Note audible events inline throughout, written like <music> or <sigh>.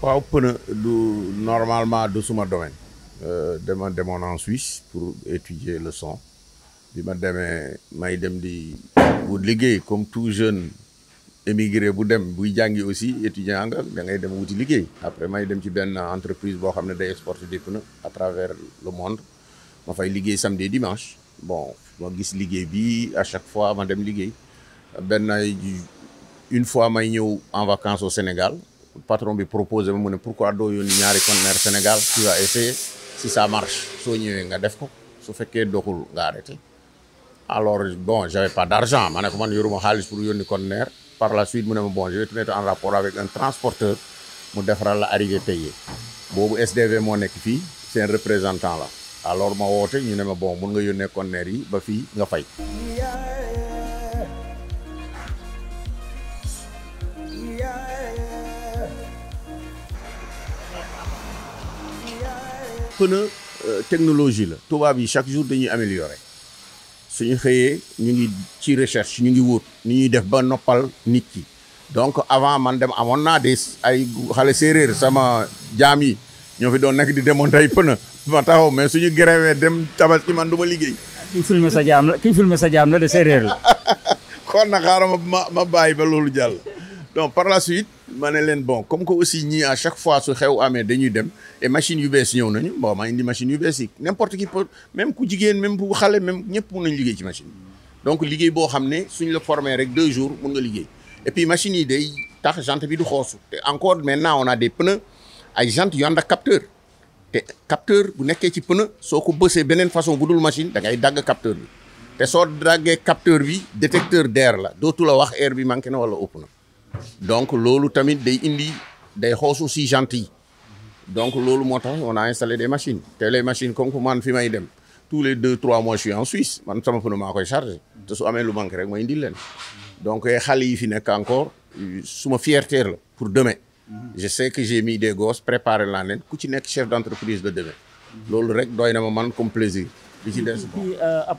waaw pneu du normalement du suma domaine euh, dama demoon en Suisse pour étudier le son bi ma demee may dem di bu liggéey comme tout jeune émigré bu dem buy jàngi aussi étudiant nga da ngay dem wuti liggéey après may dem ci benn entreprise boo xam ne day exporter des pneus à travers le monde ma fay liggéey samedi dimanche bon ma gis liggéey bi à chaque fois ma dem liggéey benn une fois may ñëw en vacance au Sénégal patron bi proposé ma mu ne pourquoi doo yónni ñaari conteneur Sénégal tu vas essayer si ça marche soo ñëwee nga def ko su fekkee doxul nga arrêté alors bon j'avais pas d'argent ma ne ko man yoruma xaalis pour yónni conteneur par la suite mu ne ma bon je vais te mettre en rapport avec un transporteur mu defaral la arrivé payé boobu SDV moo nekk fii seen représentant la alors ma woote ñu ne ma bon mun nga yónnee conteneur yi ba fii nga fay pneu technologie la tubaab yi chaque jour dañuy améliorer suñu xëyee ñu ngi ci recherche ñu ngi wut ni ñuy def ba noppal nit ki donc avant man dem amoon naa des ay xale séeréer sama jaam yi ñoo fi doon nekk di demoon ay pneu ma taxaw mais suñu gréwee dem tabaski man du ma liggéey. kii filmé sa jaam la kii filmé sa jaam la de séeréer la. <laughs> kon na xaaral ma ma bàyyi ba loolu jàll. donc par la suite ma ne leen bon comme que aussi ñii à chaque fois su xew amee dañuy dem et machine yu bees ñëw nañu bon ma indi machine yu bees yi n'importe qui peut même ku jigéen même bu xale même ñëpp mun nañu liggéey ci machine donc liggéey boo xam ne suñ la formé rek deux jours mun nga liggéey et machine yi day tax jante bi du xoosu te encore maintenant on a des pneus ay jante yu ànd ak capteur te capteur bu nekkee ci pneu soo ko bësee beneen façon bu dul machine da ngay dagg capteur te soo daggee capteur bi détecteur d'air la dootu wax air bi manqué na wala ëpp na donc loolu tamit day indi day xoos aussi gentil donc loolu moo tax on a installé des machines te les machines comme man fi may dem tous les deux trois mois je suis en Suisse man sama pneu maa koy chargé te su amee lu manqué rek ma indil leen donc eh, xale yi fi nekk encore suma fierté la pour deme mhm. je sais que j'ai mis des gos préparé naa leen ku ci nekk chef d'entreprise de demain loolu rek doy na ma man comme plaisir li ci des euh, à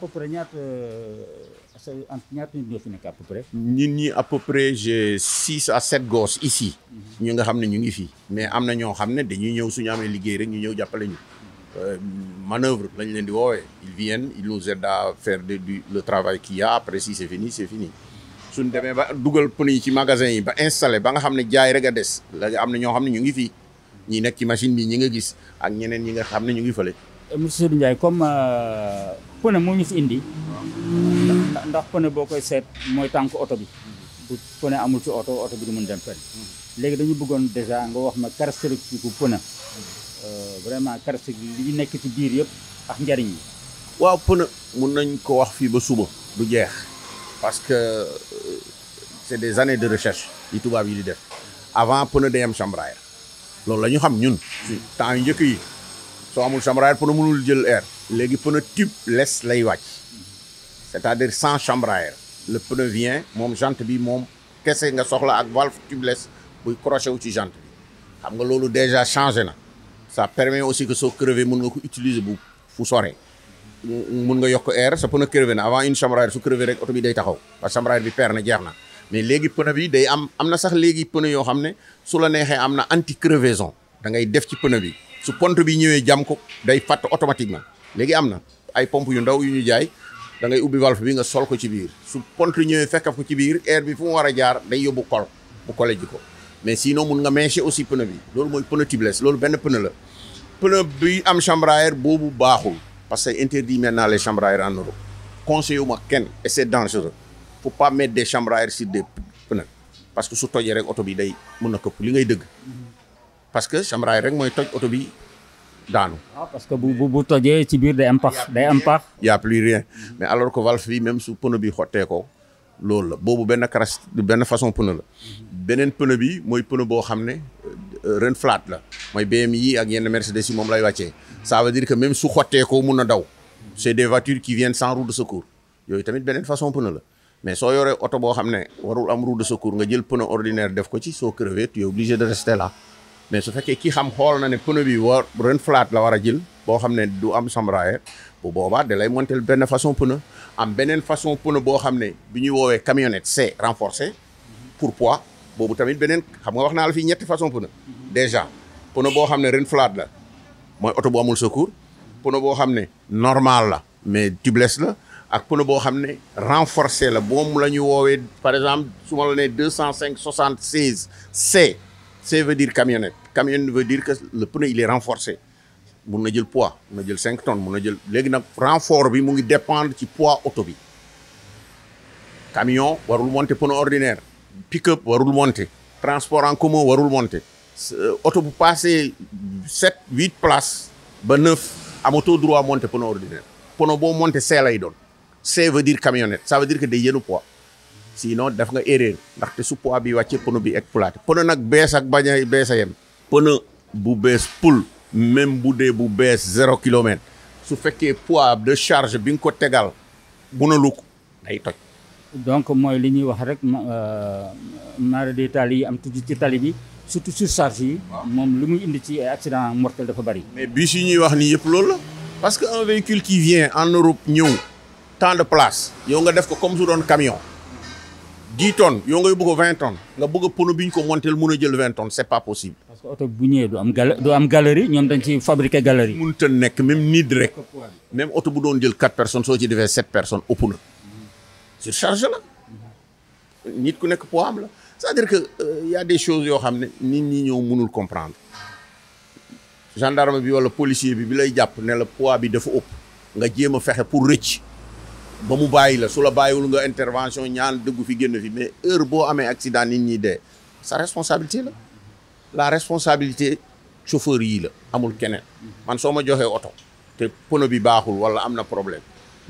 sa ñaata nit ñoo fi nekk à peu près. ñun ñi à peu près à sept gosses ici. Mhm. ñu nga xam ne ñu ngi fii mais am na ñoo xam ne dañuy ñëw suñu amee liggéey rek ñu ñëw jàppale ñu. Euh, manœuvre lañ leen di woowe ils viennent ils nous aident à de du le travail qu'il y a après si c'est fini c'est fini. suñ demee ba dugal pneu yi ci magasin yi ba installé ba nga xam ne jaay rek a des la am na ñoo xam ne ñu ngi fii ñi nekk ci machine bi ñi nga gis ak ñeneen ñi nga xam ne ñu ngi fële. monsieur Seydou Ndiaye comme euh, pneu moo ñu fi indi ndax pneu boo koy seet mooy tànk oto bi bu pneu amul si oto oto bi du mun dem fenn léegi dañu bëggoon déjà nga wax ma caractéristique bu pneu euh, vraiment caractéristique li nekk ci biir yëpp ak njariñ yi waaw pneu mun nañ ko wax fii ba suba du jeex parce que euh, c'est des années de recherche yi tubaab yi di def avant pneu day am chambre loolu la xam ñun temps yu njëkk yi soo amul chambre à air pneu jël air. léegi pneu tube les lay wàcc c'est-à-dire sans chambre à air le pneu vient moom jante bi moom kese nga soxla ak valve tubeless buy crochet wu ci jante bi xam nga loolu déjà changé na ça permet aussi que soo crevé mun nga ko utiliser bu fu sore mun nga yokk air sa pneu crevé na avant une chambre à air su crevé rek oto bi day taxaw parce que chambre bi per na jeex na mais léegi pneu bi day am am na sax léegi pneu yoo xam ne su la neexee am na anti crevaison da def ci pneu bi su pont bi ñëwee jam ko day fàtt automatiquement léegi am na ay pompe yu ndaw yu ñu jaay da ngay ubbi valve bi nga sol ko ci biir su pont ñëwee fekk ko ci biir air bi fu mu war a jaar day yóbbu kol bu kole ko mais sinon mun nga méncher aussi pneu loolu mooy pneu tubeless loolu benn pneu la pneu am chambre à boobu baaxul parce que interdit maintenant les chambres à air en Europe conseiller wu ma kenn et c'est dangereux faut pas mettre des chambres parce que su tojee rek oto bi day mun na këpp li ngay dëgg parce que samraay rek mooy toj oto bi daanu. waaw ah, que bu bu tojee ci biir day am pax day am pax. plus rien mais alors que valve bi même su pneu bi xottee ko loolu la boobu benn crash benn façon pneu la. beneen pneu bi mooy pneu boo xam ne euh, ren flat la mooy BM yi ak yenn Mercedes yi moom lay wàccee. saa veut dire que même su xottee ko mun na daw. c' est des voitures qui viennent sans roue de yooyu tamit beneen façon pneu la. mais soo yoree oto boo xam ne warul am roue de nga jël pneu ordinaire def ko ci soo crevé tu es de rester mais su fekkee ki xam xool na ne pneu bi war ren flat la war a jël boo xam ne du am samraaye bu boobaa da lay montel benn façon pneu am beneen façon pneu boo xam ne bi ñuy woowee camionnette c'est renforcé pour pois boobu tamit beneen xam nga wax naa la fii ñetti façon pneu déjà pneu boo xam ne ren flat la mooy oto bu amul secours pneu boo xam ne normal la mais tubeless la ak pneu boo xam ne renforcé la boo la ñu woowee par exemple su ma la nee deux cent cinq soixante seize C C veut dire camionnette camion veut dire que le pneu il est renforcé mun na jël poids mun na jël cinq tonnes mun na jël léegi nag renfort bi mu ngi dépendre ci poids auto bi camion warul monter pneu ordinaire pick-up warul monter transport en commun warul monter euh, auto bu passé sept huit places ba neuf amatoo droit monter pneu ordinaire pneu boo monter C lay doon C veut dire camionnette ça veut dire que day yenu poids sinon daf nga erreur ndaxte su poids bi wàccee pneu bi ekplaté pneu nag bees ak bañ a pneu bu bees poul même bu dee bu bees zéro kilomètre su fekkee poids de charge bi nga ko tegal mënalu ko day toj donc mooy li ñuy wax rek euh, mara di tali yi am tuuti ci tali bi surtout surcharge yi moom lu muy indi ci accident mortel dafa bari mais bus yi ñuy wax nii yëpp loolu la parce que un véhicule qui vient en Europe ñëw tant de place yow nga def ko comme su doon camion dix tonnes yow nga yóbbu ko vingt tonnes nga bëgg a pono ko montel mën parce bu ñëwee du am gal du am galerie ñoom dañ ci fabriquer galerie. mënut a nekk même nit rek. même oto bu doon jël quatre personnes soo ci defee sept personnes ëpp na. surcharge la. nit ku nekk poids am la cest que euh, y yoo xam ne nit ñi ñëw mënul comprendre gendarme bi walla policier bi bi lay jàpp ne la poids bi dafa ëpp nga jéem a fexe pour rëcc ba mu bàyyi la su la bàyyiwul nga intervention ñaan dëggu fi génn fi mais heure boo amee accident nit ñi dee sa responsabilité la. la responsabilité chauffeur yii la amul keneen man soo ma joxee oto te pono bi baaxul wala am na problème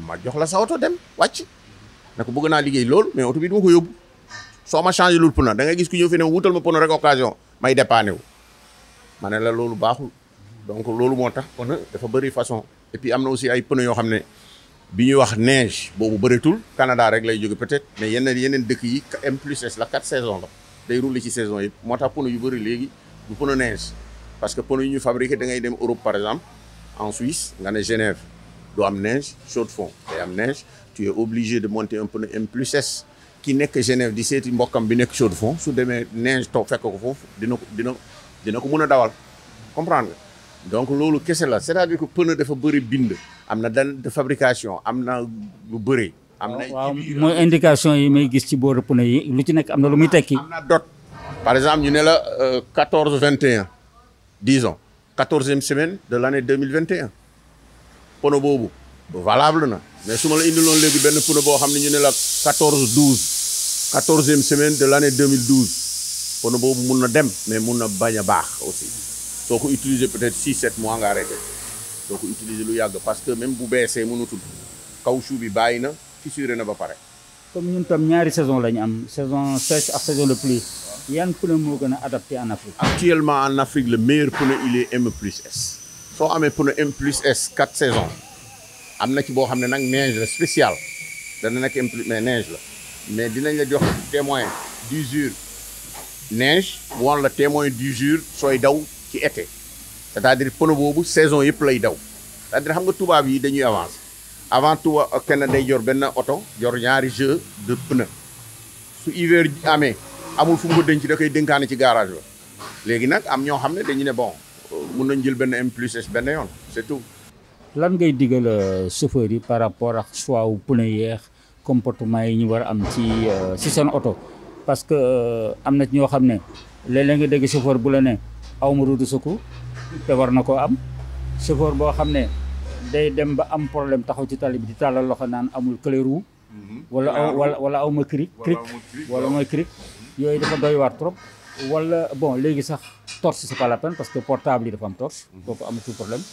ma jox la sa oto dem wàcc ne ko bëgg naa liggéey loolu mais oto bi duma ko yóbbu soo ma changé lul pono dangay gis ku ñëw fi ne wutal ma pono rek occasion may dépanné wu ma ne la loolu baaxul donc loolu moo tax pono dafa bëri façon et puis am na aussi ay pono yoo xam ne bi ñuy wax neige boobu bëreetul Canada rek lay jóge peut-être mais yeneen yeneen dëkk yi M plus quatre saisons la day rouler ci saison yi moo tax pneu yu bëri léegi du pneu neige parce que pneu yu ñu fabriqué da ngay dem Europe par exemple en Suisse nga ne Genève doo am neige chaux-de-fonds day am obligé de monter un pneu M ki nekk Genève di seeti mbokkam bi nekk chaux-de-fonds su demee neige toog fekk ko foofu dina ko dina dina ko mën a dawal comprendre donc loolu kese la c'est-à-dire que pneu dafa bëri bind am na dan de fabrication am na lu bëri am na waaw mooy indication yi may gis ci booru pneu yi lu ci nekk am na lu muy tekki. am na dot par exemple ñu ne la euh, quatorze vingt et un disons quatorzième semaine de l' année deux mille vingt et boobu valable na mais su ma la indiloon léegi benn pneu boo xam ne ñu ne la quatorze douze quatorzième semaine de deux mille douze pneu boobu mun na dem mais mun na bañ a baax aussi soo ko utiliser peut-être six sept mois nga arrêté soo ko utiliser lu yàgg parce que même bu beesee mënatul caoutchouc bi bàyyi na. fissuré na ba pare. comme ñun tam ñaari saison la ñu am saison sèche ak saison de plus yan pneu moo gën a adapté en Afrique. actuellement en Afrique le meilleur pneu il est M plus S soo amee pneu M plus S quatre saisons am na ci boo xam ne nag neige la spéciale dana nekk M plus mais neige la mais dinañ la jox témoin d'usure neige woon la témoin d'usure sooy daw ci été c'est-à-dire pneu boobu saison yëpp lay daw c'est-à-dire xam nga tubaab yi dañuy avancer. avant tout euh, kenn day jor benn oto jor ñaari jeu de pneu su hiver amee amul fu mu ko denc da koy dénkaane ci garage ba léegi nag am ñoo xam ne dañu ne bon mun nañ jël benn M plus S benn yoon c'est tout. lan ngay digal euh, chauffeur yi par rapport ak choix wu pneu yeex comportement yi ñu war a am ci si euh, seen oto parce que am na ñoo xam ne léeg-léeg nga dégg chauffeur bu la ne awma roue de te war na koo am chauffeur boo xam ne. day dem ba am problème taxaw ci tali bi di tàllal loxo naan amul clé-roue mhm. wala wala wala awma cric cric wala mooy cric mhm. yooyu dafa doy waar trop wala bon léegi sax torche c'est pas la peine parce que portable yi dafa am torche mhm. kooku amatul problème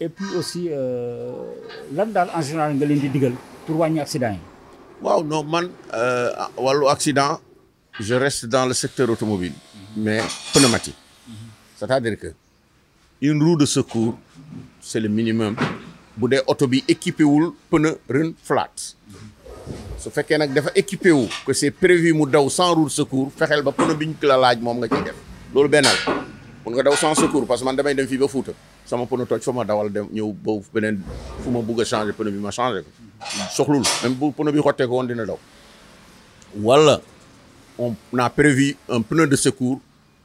et puis aussi euh, lan daal en général nga leen di digal pour wàññi accident yi waaw non man euh, wallu accident je reste dans le secteur automobile mais pneumatique c'est-à-dire que une roue de secours c'est le minimum bu dee oto bi équipé wul pneu ren flat su fekkee nag dafa équipé wu que c'est prévu mu daw sans roue de secours fexeel ba pneu bi ñu la laaj moom nga ciy def loolu bennal mun nga daw sans secours parce que man damay dem fii ba Fuuta sama pneu toj fa ma dawal dem ñëw ba beneen fu ma bugg a changer pneu bi ma changer ko soxlul même bu pneu bi xottee woon dina daw wala on a prévu un pneu de secours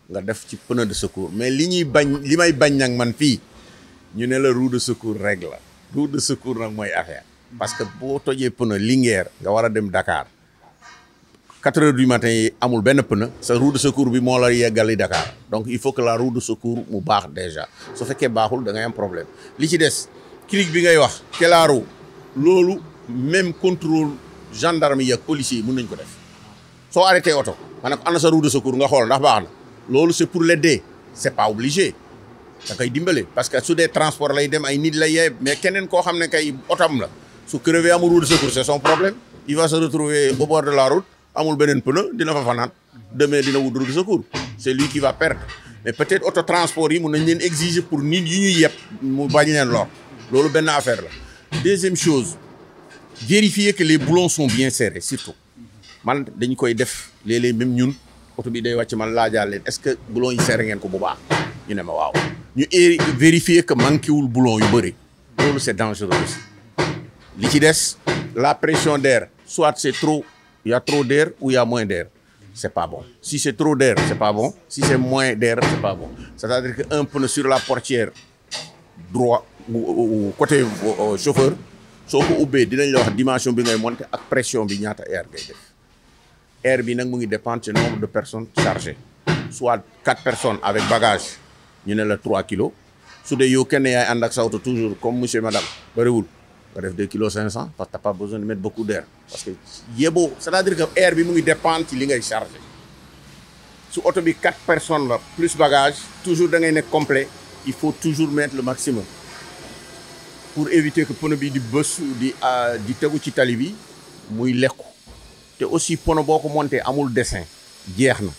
nga def ci pneu de secours mais li ñuy bañ li may bañ nag man fii ñu ne la roue de secours rek la roue de nag mooy affaire parce que boo tojee pneu Linguère nga war a dem dakaar quatre heures du matin yi amul benn pneu sa roue de secours bi moo la yeggali Dakar donc il faut que la roue de secours mu baax déjà su fekkee baaxul da ngay am problème li ci des clic bi ngay wax te loolu même contrôle gendarme yi ak policiers yi mën nañ ko def soo arrêté oto ma ne ko ana sa roue de secours nga xool ndax baax na loolu pour l'aider c'est pas obligé da koy dimbale parce que su dee transport lay dem ay nit lay yeb mais keneen koo xam ne kay oto la su crevé amul roue de secours c'est son problème il va se retrouver au bord de la route amul beneen pneu dina fa fanaan dina wut roue de secours c'est lui qui va perdre mais peut-être auto transport yi mun nañ leen exiger pour nit yi ñuy yeb mu bañ leen lor loolu benn affaire la deuxième chose vérifier que les boulons sont bien serrés surtout man dañu koy def léeg-léeg même ñun oto bi day wàcc man laajaal leen ce que boulons yi ngeen ko bu baax ñu ne ma waaw ñu vérifier que manqué wul boulon yu bëri loolu c'est dangereux aussi li ci des la pression d'air soit c'est trop il y d'air ou ya y a moins d'air c'est pas bon si c'est trop d'air c'est pas bon si c'est moins d'air c'est pas bon à dire que un pneu sur la portière droit ou côté chauffeur soo ko ubbee dinañ la wax dimension bi ngay monter ak pression bi ñaata air ngay def air bi nag mu ngi dépendre ci nombre de personnes chargées soit quatre personnes avec bagage ñu ne la 3 kilo su dee yow kenn yaay ànd ak sa oto toujours comme monsieur madame bëriwul nga def 2 kilos 500 parce que t'as pas besoin de mettre beaucoup d'air parce que yeboo c'est-à-dire que air bi mu ngi dépendre ci li ngay chargé su oto bi 4 personnes la plus bagage toujours dangay ngay nekk complet il faut toujours mettre le maximum pour éviter que pneu bi di bës di euh, di tegu ci tali bi muy lekku te aussi pneu boo ko monté amul dessin jeex na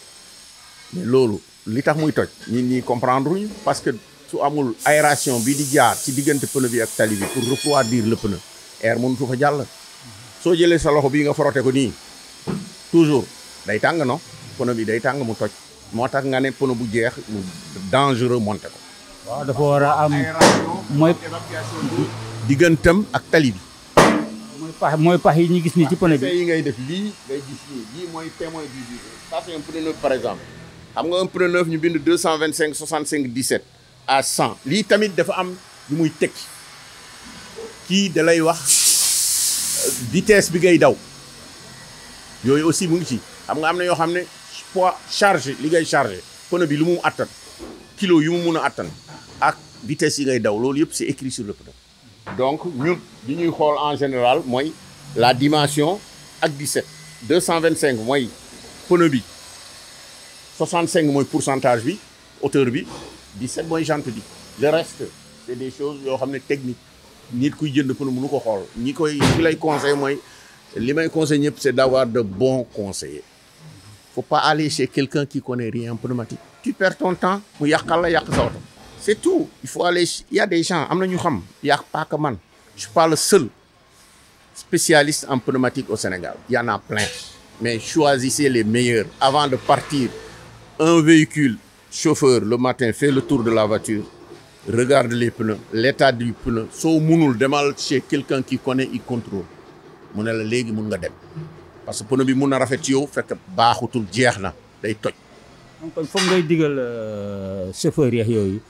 mais loolu li tax muy toj ñi ñi comprendre ñu parce que su amul aération bi di jaar ci diggante pneu bi ak tali bi pour refroidir le pneu air mënutu fa jàll soo jëlee sa loxo bii nga frotte ko nii toujours day tàng no pneu bi day tàng mu toj moo tax nga ne pneu bu jeex mu dangereux monter ko waaw dafa war a am mooy diggantam ak tali bi mooy pax mooy pax yi ñu gis nii ci pneu bi yi ngay def lii lii mooy témoin bi ça c'est par exemple xam nga un pneu neuf ñu bind deux cent vingt cinq soixante cinq dix sept à cent lii tamit dafa am lu muy tekki kii da lay wax euh, vitesse bi ngay daw yooyu aussi mu ngi ci xam nga am na yoo xam ne poids chargé li ngay chargé pneu bi lu mu attan kilo yu mu mun a attan ak vitesse yi ngay daw loolu yëpp si écrit sur le pneu donc li ñuy xool en général mooy la dimension ak 17 225 mooy pneu bi cinq mooy pourcentage bi hauteur bi 17 mooy jante di le reste c' des choses yoo xam ne technique nit ku jënd pneu mënu ko xool ñi koy ki lay conseil mooy li may conseil ñëpp c' est d' avoir de bons conseillers faut pas aller chez quelqu'un qui connaît rien en pneumatique tu perds ton temps mu yàqal la yàq sa oto c' tout il faut aller il des gens am na ñu xam yàq pas que man je suis pas le seul spécialiste en pneumatique au Sénégal il y en a plein les meilleurs avant de partir un véhicule chauffeur le matin fait le tour de la voiture regarde les pneus l'état du pneu soo munul demal chez quelqu'un qui connaît il contrôle mu ne la léegi mun nga dem parce que pneu bi mun na rafet yow fekk baaxutul jeex na day toj. kon foog ngay digal euh, chauffeur yeex yooyu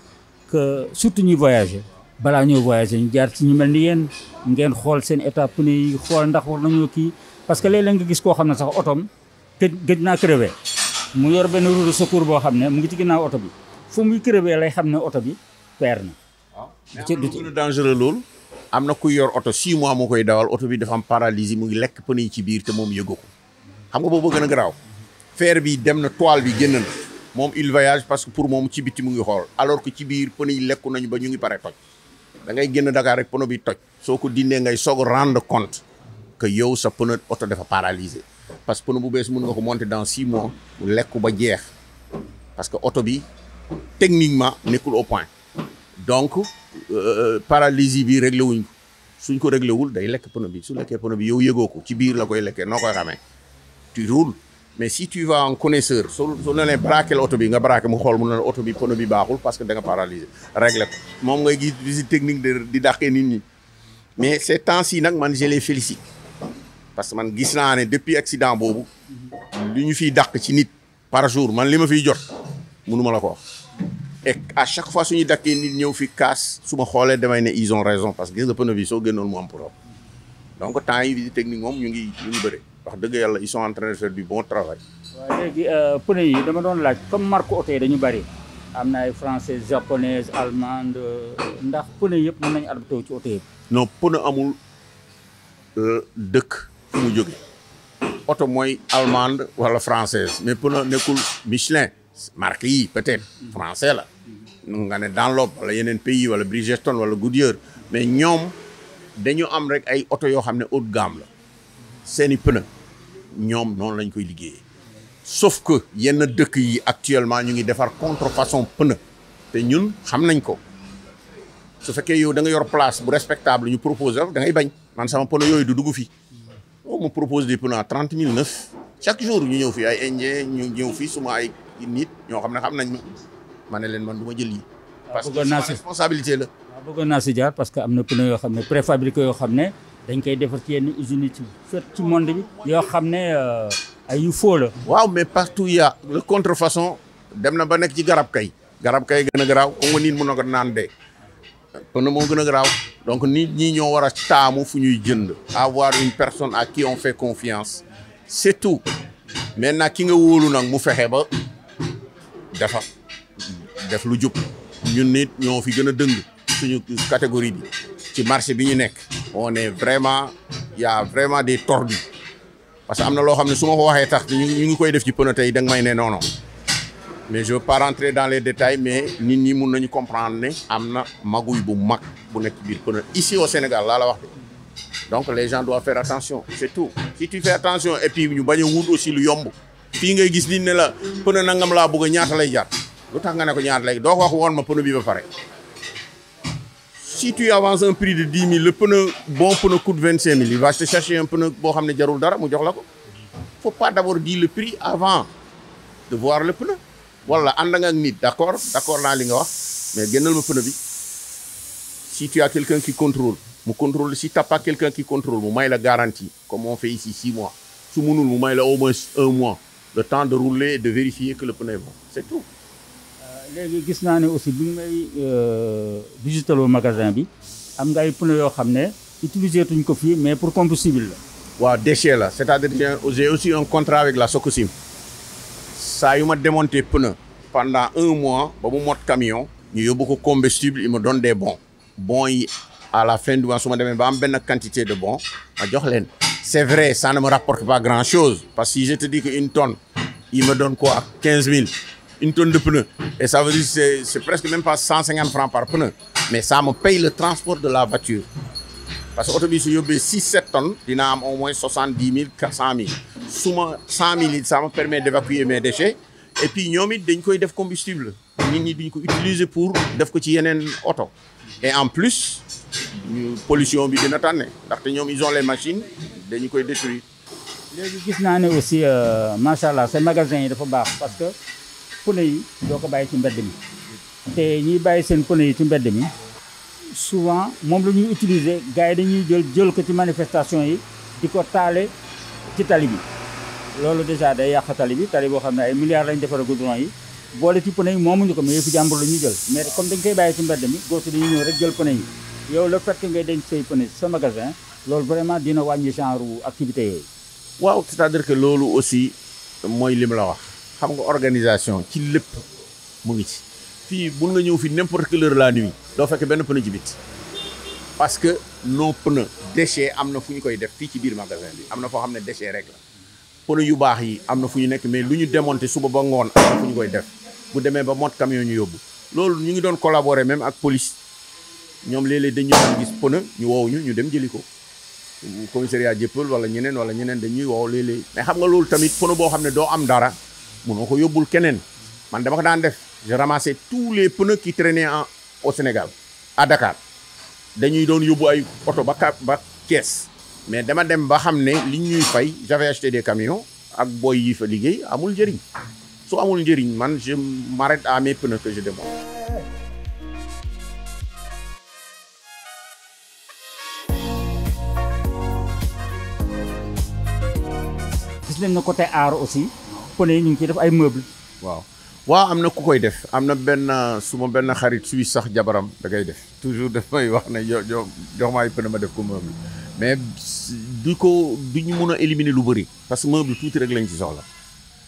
que surtout ñuy voyager balaa ñuy voyager ñu jaar ci ñu mel ni yéen ngeen xool seen état pneu yi xool ndax war nañoo kii parce que léeg-léeg nga gis koo xam ne sax otoom gëj gëj naa crevé. mu yor benn roue de secours boo xam ne mu ngi ci ginnaaw oto bi fu muy crevé lay xam ne oto bi peer na. Ah. du ci du ci gën a am na ku yor oto 6 mois moo koy dawal oto bi dafa am mu ngi lekk pneu yi ci biir te moom yëgoo ko xam nga boobu gën a garaaw. fer bi dem na toile bi génn na moom il voyage parce que pour moom ci biti mu ngi xool alors que ci biir pneu yi lekku nañ ba ñu ngi pare toj. da ngay génn Dakar rek pneu bi toj. soo ko dindee ngay soog a rendre compte que yow sa pneu oto defa paralysé. parce que pneu bu bees mën nga ko monter dans six mois mu lekk ba jeex parce que oto bi techniquement nekkul au point donc euh, paralysie bi réglé wuñ suñ ko réglé wul day lekk pneu bi su lekkee pneu bi yow yëgoo ko ci biir la koy lekkee noo koy xamee tu roules mais si tu vas en connaisseur soo soo nee la oto bi nga braqué mu xool mu ne la oto bi pneu bi baaxul parce que da nga paralysé réglé ko moom ngay gis visite technique de di dàqee nit ñi mais ces temps man les félicite parce que man gis naa ne depuis accident boobu lu ñu fiy dàq ci nit par jour man li ma fiy jot mënuma la ko wax et à chaque fois suñuy dàkkee nit ñëw fi kaas su ma xoolee damay ne ils ont raison parce que gis nga pneu bi soo génnoon mu am problème donc temps yi visite technique moom ñu ngi ñu ngi bëri wax dëgg yàlla ils sont en train de faire du bon travail. waaw léegi euh, pneu yi dama doon laaj comme marque oto yi dañu bëri am na ay français japonaise allemande ndax pneu yëpp mën nañu adapté ci oto yëpp. non pneu euh, fu mu jóge oto mooy allemande wala française mais pneu nekkul Michelin marque yi peut-être français la nga ne Dunlop wala yeneen pays wala Bridgestone wala Goodyear mais ñoom dañu am rek ay oto yoo xam ne haut de la seeni pneu ñoom noonu lañ koy liggéeyee sof que yenn dëkk yi actuellement ñu ngi defar contrefaçon pneu te ñun xam nañ ko su fekkee yow da nga yor place bu respectable ñu proposé da ngay bañ man sama pneu yooyu du dugg fii on me propose des pneus à mille neuf chaque jour ñu ñëw fii ay indien ñu ñëw fii suma ay nit ñoo xam ne xam nañ ma ma ne leen man du ma jël yi ah, parce que sama responsabilité la waaw ah, naa si jaar parce que am na pneu yoo xam ne préfabriqué yoo xam ne dañ koy defar ci yenn usines yi ci fépp ci monde bi yoo xam ne euh, ay yu faux la waaw mais partout y a le contrefaçon dem na ba nekk ci garab kay garab kay gën a garaaw ko nga niin mun na ko naan dee pneu moo gën a garaaw donc nit ñi ñoo war a taamu fu ñuy jënd avoir une personne à qui on fait confiance c'est tout maintenant ki nga wóolu nag mu fexe ba dafa def lu jub ñun nit ñoo fi gën a dëng suñu catégorie bi ci marché bi ñu nekk on est vraiment y a vraiment des tordus parce que am na loo xam ne su ma ko waxee tax ñu ngi koy def ci pneu tey da nga may ne noono mais je veux pas rentrer dans les détails ñi mun nañu comprendre ne am na magouille bu mag bu nekk biir pneu ici au Sénégal laa la wax de donc les gens doivent faire attention c'est si tu fais attention et puis ñu bañ a wut lu yomb fii nga gis nit ne la pneu nangam laa bëgg ñaata lay jaat lu tax nga ne ko ñaata lay doo ko wax woon ma pneu bi ba pare si tu avances un prix de dix mille le pneu bon pneu coûte vingt cinq mille il va te chercher un boo xam ne jarul dara mu jox la ko faut pas d'abord le prix avant de voir le pneu wala ànd nga ak nit d' accord d' naa li nga wax mais génnal ma pneu bi si tu as quelqu'un qui contrôle mu contrôle si t'as pas quelqu'un qui contrôle mu may la garantie comme on fait ici six mois su munul mu may la au moins un mois le temps de rouler et de vérifier que le pneu est bon c' tout. Euh, léegi gis naa ne aussi bi ngay visitaloo euh, magasin bi am nga ay pneu yoo xam ne utiliser tuñ ko fii mais pour combustible la. waaw déchet la c' est à dire j'ai aussi la Sococim. saa yu ma démonté pneu pendant un mois ba mu mot camion ñu yóbbu ko combustible il me donne des bons bons yi à la fin du mois ma demee ba am benn quantité de bon ma jox leen c'est vrai ça ne me rapporte pas grand chose parce que je te dis que une tonne il me donne quoi quinze mille ton tonne de pneu et ça veut dire c'est presque même pas cent par pneu mais ça me paye le transport de la voiture parce que oto bi su yóbbee six sept tonnes dina am au moins soixante dix mille quatre cent mille suma cent mille ça me permet d'évacuer mais déchets et puis ñoom it dañ koy def combustible nit ñi duñ ko utiliser pour def ko ci yeneen oto et en plus pollution bi dina tànne ndaxte ñoom ils ont les dañu koy détruire léegi gis naa ne aussi euh, macha allah seen magasin yi dafa baax parce que pneu yi doo ko bàyyi ci mbedd mi te ñiy bàyyi seen pneu yi ci mbedd mi souvent moom la ñuy utiliser gars yi dañuy jël jël ko ci manifestation yi di ko taale ci tali bi loolu dèjà day yàq tali bi tali boo xam ne ay milliards lañ defara goudron yi boole ci pneu yi moomuñu ko mu yëpp jàmbur la ñuy jël mais comme dañ koy bàyyi ci mbedd mi góosu dañuy ñëw rek jël pneu yi yow la fekk que ngay denc say pneu sa magasin loolu vraiment dina wàññi genre wu activité yooyu waaw c'est-à-dire que loolu aussi mooy li mu la wax xam nga organisation ci lépp mu ngi ci fii mun nga ñëw fi n'importe quelle heure la nuit doo fekk benn pneu ci bit parce que nos pneus déchets am na fu ñu koy def fii ci biir magasin bi am na foo xam ne déchet rek la pneu yu baax yi am na fu ñu nekk mais lu ñu démonté suba ba ngoon am na fu ñu koy def bu demee ba mot camion ñu yóbbu loolu ñu ngi doon collaborer même ak police ñoom léeg dañu doon ñu woow ñu ñu dem jëli ko commissariat jëppal wala ñeneen wala ñeneen dañuy woow léeg-léeg xam nga loolu tamit pneu boo xam ne doo am dara mënoo ko yóbbul keneen man dama ko daan def je ramassais tous les pneus qui traînaient en au Sénégal à dañuy doon yóbbu ay oto ba ba Thiès mais dama dem ba xam ne li ñuy fay j'avais acheté des camions ak booy yi fa liggéey amul njëriñ su amul njëriñ man je m'arrête à mes pneus que je demande. gis nañ na côté aar aussi pneu yi ñu ngi ciy def ay meubles. waaw waaw am na ku koy def am na benn suma benn xarit suy sax jabaram da ngay def toujours <laughs> daf may wax ne yo jox ma ay pneu ma def ko meuble. mais di ko du ñu mun a éliminer lu bëri parce que meuble tuuti rek lañ ci soxla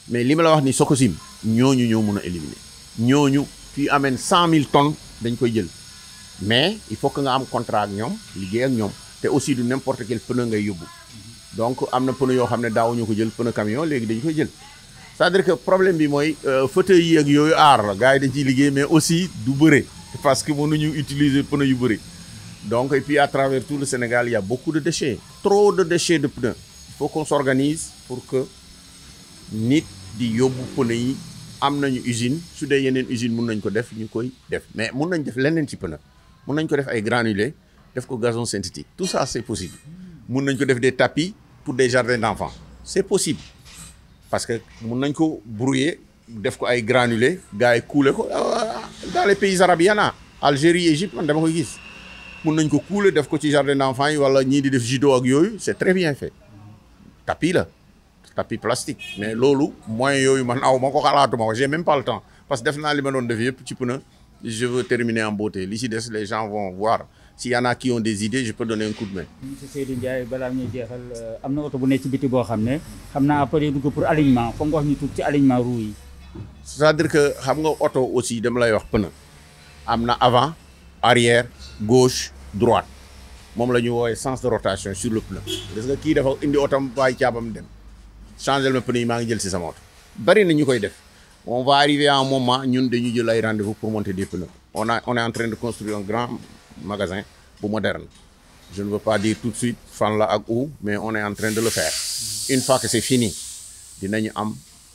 mais li ma la wax ni Sococim ñooñu ñoo mun a éliminer ñooñu tu amènes cent mille tonnes dañ koy jël mais il faut que nga am contrat ñoom liggéey ak ñoom te aussi du n'importe quel pneu ngay yóbbu donc am na pneu yoo xam ne daawuñu ko jël pneu camion léegi dañ koy jël c'est-à-dire que problème bi mooy euh, fauteuil yi ak yooyu aar la gars yi dañ ciy liggéey mais aussi du bëre parce que mënuñu utiliser pneu yu bëri. Donc, et à travers tout le Sénégal, il y a beaucoup de déchets. Trop de déchets de pneus. Il faut qu'on s'organise pour que nit di yóbbu pneu yi am nañu usine su dee yeneen usine mun nañ ko def ñu koy def mais mun nañ def leneen ci pneu mun nañ ko def ay granulés def ko gazon synthétique tout ça c'est possible mun nañ ko def des tapis pour des jardins d'enfants c'est possible parce que mun nañ ko brouiller def ko ay granulés gars yi ko ah, dans les pays arabes y en a Algérie Égypte mun nañ ko couler def ko ci jardin d'enfants yi wala ñii di def judo ak yooyu c'est très bien fait tapis la tapis plastique mais loolu moyen yooyu man aw ma ko xalaatuma ko j'ai même pas le temps parce que def naa li ma doon def yëpp ci pneu je veux terminer en beauté li ci des les gens vont voir s'il y en a qui ont des idées je peux donner un coup de main. monsieur Seydou balaa ñuy jeexal euh, am na oto bu nekk ci biti boo xam ne xam naa après dugg pour alignement foog nga wax ñu tuut ci alignement roue yi. cest que xam nga oto aussi dama lay wax pneu am na avant arrière. gauche droite moom la ñu woowee sens de rotation sur le pneu. parce que kii dafa indi otam bàyyi caabam dem changer ma pneu yi maa ngi jël si sama oto bari na ñu koy def on va arriver à un moment ñun dañuy jël ay rendez-vous pour monter des pneus a on est en train de construire un grand magasin bu moderne je ne veux pas dire tout de suite fan la ak où mais on est en de le faire une fois que c'est fini dinañu am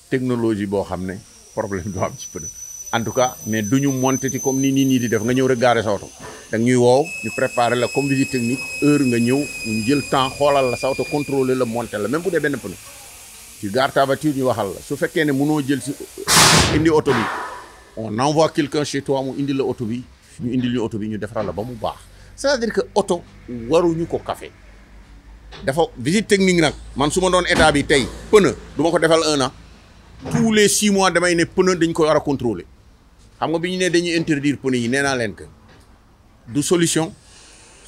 technologie boo xam ne problème du am ci pneu. en tout cas mais du ñu monteti comme ni nit ñi di def nga ñëw rek sa oto da ñuy woow ñu préparer la comme visite technique heure nga ñëw ñu jël temps xoolal la sa oto contrôler la monter la même bu dee benn pneu ci gaar ta voiture ñu waxal su fekkee ne mënoo jël si euh, indi oto bi on envoie quelqu'un chez toi mu indi la oto bi ñu indil ñu oto bi ñu defaral la ba mu baax cest à que oto waruñu ko café dafa visite technique nag man su ma doon état bi tey pneu du ma ko defal un an tous les six mois damay ne pneu dañ ko war a contrôler xam nga bi ñu nee dañuy interdire pneu yi nee naa leen que du solution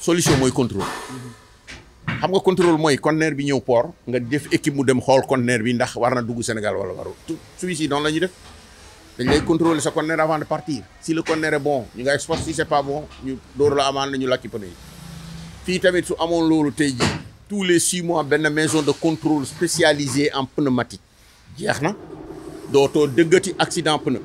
solution mooy contrôle xam nga contrôle mooy conteneur bi ñëw port nga def équipe mu dem xool conteneur bi ndax war na dugg Sénégal wala warul Suisse yi noonu la ñuy def dañ lay contrôler sa conteneur avant de partir si le conteneur est bon ñu nga exporte si c'est pas bon ñu dóor la amende ñu lakki pneu yi fii tamit su amoon loolu tey ji tous les six mois benn maison de contrôle spécialisée en pneumatique jeex na dootoo dëggati accident pneu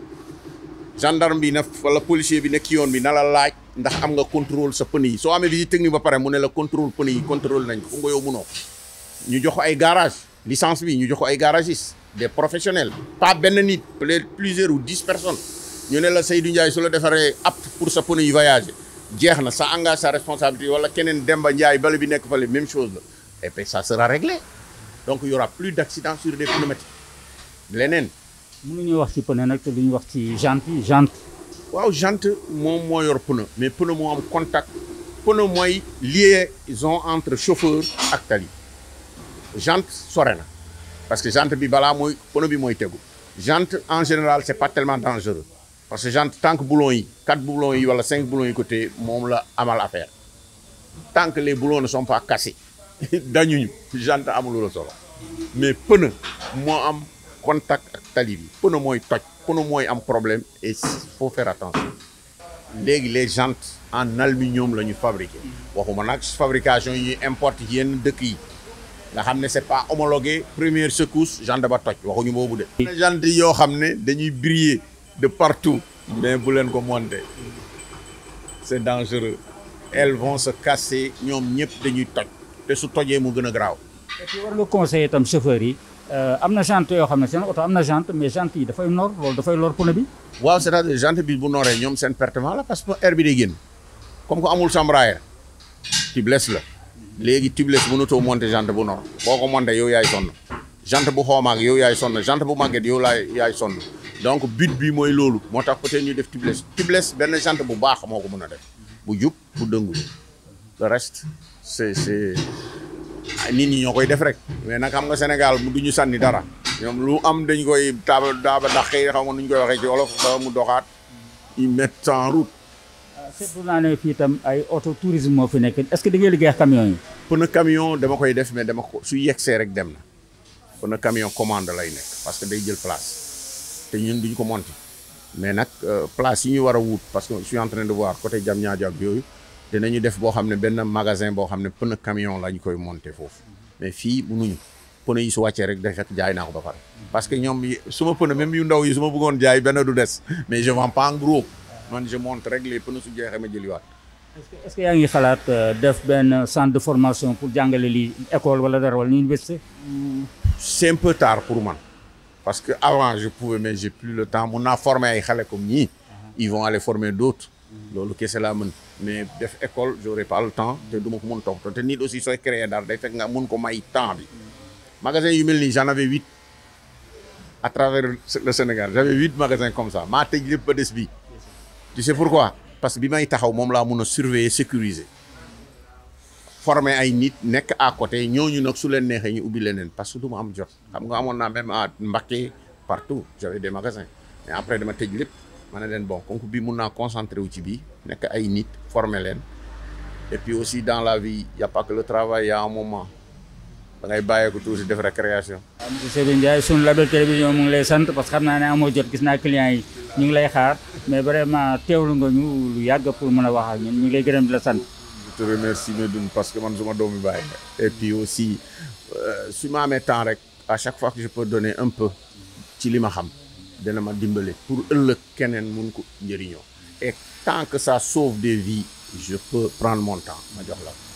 gendarme bi na wala policier bi nekk ci yoon bi na la laaj ndax am nga contrôle sa pneu yi soo amee visite technique ba pare mu ne la contrôle pneu yi contrôle nañ ko nga yow munoo ñu jox ay garage licence bi ñu jox ay garagistes des professionnels pas benn nit peut-être plusieurs ou dix personnes ñu ne la Seydou Ndiaye su la defaree apte pour sa pneu yi voyager jeex na sa engage sa responsabilité wala keneen Demba Ndiaye bale bi nekk fale même chose la et puis ça sera réglé donc il y aura plus d'accidents sur des leneen mënuñu wax ci pneu nag te lu ñu wax ci jante waaw jante moom moo yor pneu. mais pneu moo am contact. pneu mooy liaison entre chauffeur ak tali jante sore na parce que jant bi balaa mooy pneu bi mooy tegu. jante en général c'est pas tellement dangereux parce que jante tant que yi quatre boulons yi wala cinq boulons yi côté moom la amal affaire tant que les boulons ne sont pas cassés <laughs> dañuñu jante amul la solo mais pneu moo am. contact ak tali bi pneu mooy toj pneu mooy am problème et faut faire attention léegi les jantes en aluminium la ñu fabriqué waxuma nag fabrication yi ñuy importe yenn dëkk yi nga xam ne c'est pas homologué première secousse jante ba toj waxuñu boobu de jante yoo xam ne dañuy briller de partout mais bu leen ko monter c'est dangereux elles vont se casser ñoom ñëpp dañuy toj te su tojee mu gën a graaw war nga conseiller itam chauffeur yi Euh, am na jante yoo xam ne seen oto am na jante mais jante yi dafay noor loolu dafay lor pneu bi. waaw cest à bi bu nooree ñoom seen pertement la parce que air bi day génn comme que amul chambre tubeless la léegi tubeless mënatoo monter jante bu noor boo ko monter yow yaay sonn jante bu xoomaag yow yaay sonn jante bu màgget yow laay yaay sonn donc but bi mooy loolu moo tax peut-être ñu def tubeless tubeless benn jante bu baax moo ko mën a def bu jub bu dëngu nit ñi ñoo koy def rek mais nag xam nga Sénégal mu ñu sànni dara ñoom lu am dañ koy taaba daaba daqi xam nga nuñ koy waxee ci wolof ba mu doxaat ils mettent en route ah, surtout naa ne fii tam ay auto tourisme moo fi nekk est-ce que di ngay liggéey camion yi pneu camion dama koy def mais dama ko su yegsee rek dem na pneu camion commande lay nekk parce que day jël place te ñun duñ ko monter mais nag euh, place yi ñu war a wut parce que je suis en train de voir côté yooyu dinañu def boo xam ne benn magasin boo xam ne pneu camion la ñu koy monter foofu mais fii mënuñu pneu yi su wàccee rek day jaay naa ko ba pare. parce que ñoom ma pneu même yu ndaw yi su ma bëggoon jaay benn du des mais je vends pas en gros man je monte rek les pneus ma jëliwaat. est yaa ngi xalaat euh, def benn centre de formation pour jàngale li école wala dara wala université. c' est un peu tard pour man parce que avant je pouvais mais j'ai plus le temps mun naa former ay xale comme ñii. ils vont aller former d' autres. loolu kese laa mën mais def école j'aurais pas le temps te du ma ko mën toog te nit aussi sooy créer dara day fekk nga mun ko may temps bi magasin yu mel nii j'en avais huit à travers le Sénégal j'avais huit magasin comme ça maa tëj lépp ba des bi tu sais pourquoi parce que bi may taxaw moom laa mun a surveiller sécuriser former ay nit nekk à côté ñooñu nag su leen neexee ñu ubbi leneen parce que du ma am jot xam nga amoon naa même à Mbacké partout j'avais des magasins mais après dama tëj lépp ma ne leen bon concours bi mun naa concentré wu ci bii nekk ay nit former leen aussi dans la vie y' a pas que le travail y' a un moment da ngay bàyyeeku tuuti def récréation. waaw monsieur Seydou Ndiaye sunu label télévision mu ngi lay sant parce que xam naa ne amoo jot gis naa clients yi ñu ngi lay xaar mais vraiment teewlu nga ñu lu yàgg pour mën a wax ak ñun ñu ngi lay gërëm di la sant. je te remercie Medoune parce que man suma doomi bàyyi et puis aussi euh, si ma amee temps rek à chaque fois que je peux donner un ci li ma xam. dana ma dimbale pour ëllëg keneen mun ko njëriñoo et tant que ça sauve des vies je peux prendre mon temps ma jox la